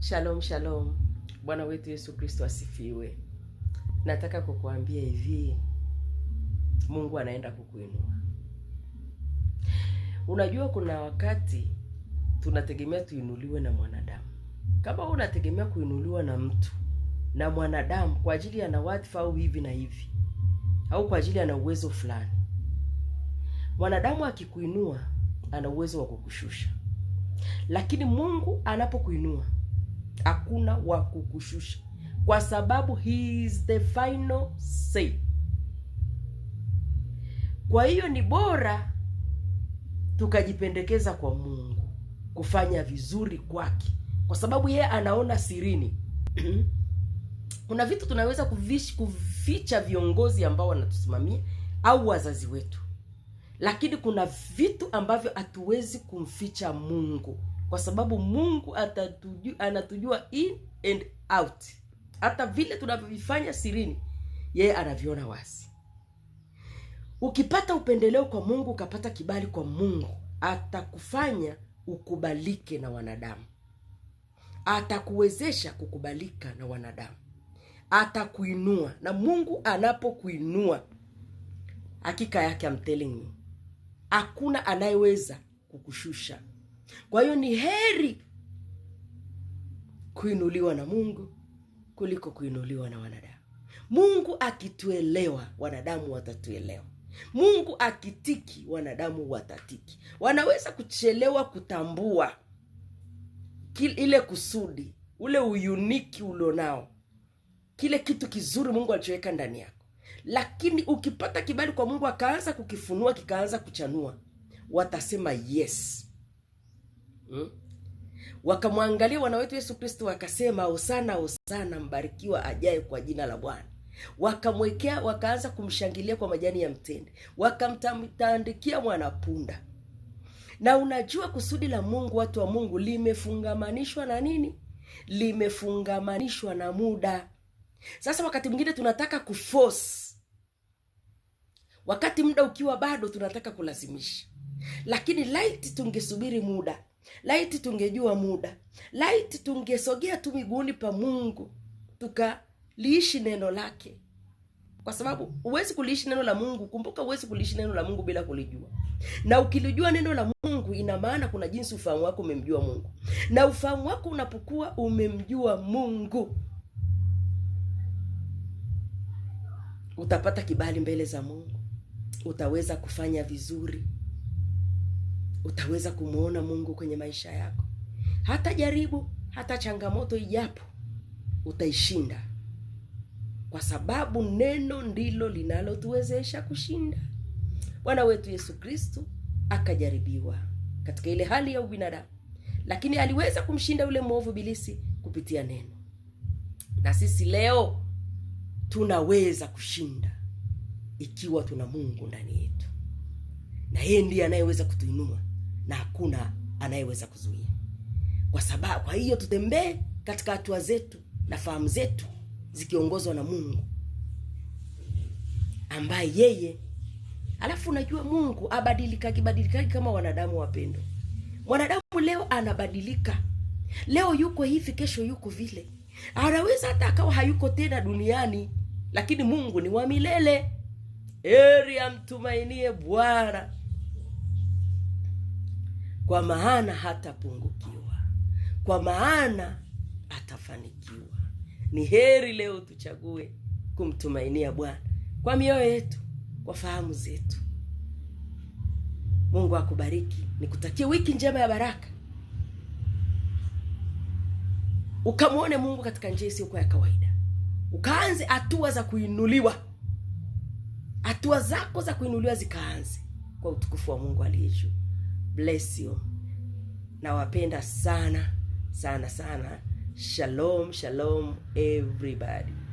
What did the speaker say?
Shalom, shalom. Bwana wetu Yesu Kristo asifiwe. Nataka kukuambia hivi, Mungu anaenda kukuinua. Unajua, kuna wakati tunategemea tuinuliwe na mwanadamu. Kama unategemea kuinuliwa na mtu na mwanadamu kwa ajili ana wadhifa au hivi na hivi au kwa ajili ana uwezo fulani, mwanadamu akikuinua ana uwezo wa kukushusha, lakini Mungu anapokuinua hakuna wa kukushusha, kwa sababu he is the final say. Kwa hiyo ni bora tukajipendekeza kwa Mungu kufanya vizuri kwake, kwa sababu yeye anaona sirini. Kuna vitu tunaweza kuvish, kuficha viongozi ambao wanatusimamia au wazazi wetu, lakini kuna vitu ambavyo hatuwezi kumficha Mungu kwa sababu mungu atatuju, anatujua in and out hata vile tunavyovifanya sirini yeye anaviona wazi ukipata upendeleo kwa mungu ukapata kibali kwa mungu atakufanya ukubalike na wanadamu atakuwezesha kukubalika na wanadamu atakuinua na mungu anapokuinua hakika yake I'm you hakuna anayeweza kukushusha kwa hiyo ni heri kuinuliwa na Mungu kuliko kuinuliwa na wanadamu. Mungu akituelewa, wanadamu watatuelewa. Mungu akitiki, wanadamu watatiki. Wanaweza kuchelewa kutambua ile kusudi, ule uyuniki ulionao, kile kitu kizuri Mungu alichoweka ndani yako, lakini ukipata kibali kwa Mungu akaanza kukifunua, kikaanza kuchanua, watasema yes hmm? Wakamwangalia wana wetu Yesu Kristo wakasema, hosana hosana, mbarikiwa ajaye kwa jina la Bwana. Wakamwekea, wakaanza kumshangilia kwa majani ya mtende, wakamtandikia mwanapunda. Na unajua kusudi la Mungu, watu wa Mungu, limefungamanishwa na nini? Limefungamanishwa na muda. Sasa wakati mwingine tunataka kuforce, wakati muda ukiwa bado tunataka kulazimisha, lakini laiti tungesubiri muda Laiti tungejua muda, laiti tungesogea tu miguuni pa Mungu tukaliishi neno lake, kwa sababu huwezi kuliishi neno la Mungu. Kumbuka, huwezi kuliishi neno la Mungu bila kulijua, na ukilijua neno la Mungu, ina maana kuna jinsi ufahamu wako umemjua Mungu, na ufahamu wako unapokuwa umemjua Mungu utapata kibali mbele za Mungu, utaweza kufanya vizuri utaweza kumwona Mungu kwenye maisha yako. Hata jaribu, hata changamoto ijapo, utaishinda kwa sababu neno ndilo linalotuwezesha kushinda. Bwana wetu Yesu Kristo akajaribiwa katika ile hali ya ubinadamu, lakini aliweza kumshinda yule mwovu bilisi kupitia neno, na sisi leo tunaweza kushinda ikiwa tuna Mungu ndani yetu, na yeye ndiye anayeweza kutuinua na hakuna anayeweza kuzuia. Kwa sababu kwa hiyo tutembee katika hatua zetu na fahamu zetu zikiongozwa na Mungu ambaye yeye alafu unajua Mungu abadilika badilikaki kama wanadamu wapendo. Mwanadamu leo anabadilika. Leo yuko hivi, kesho yuko vile. Anaweza hata akawa hayuko tena duniani, lakini Mungu ni wa milele. Heri amtumainie Bwana kwa maana hatapungukiwa, kwa maana atafanikiwa. Ni heri leo tuchague kumtumainia Bwana kwa mioyo yetu, kwa fahamu zetu. Mungu akubariki, nikutakie wiki njema ya baraka, ukamwone Mungu katika njia isiyokuwa ya kawaida, ukaanze hatua za kuinuliwa, hatua zako za kuinuliwa zikaanze kwa utukufu wa Mungu aliye juu bless you. Nawapenda sana sana sana. Shalom, shalom everybody.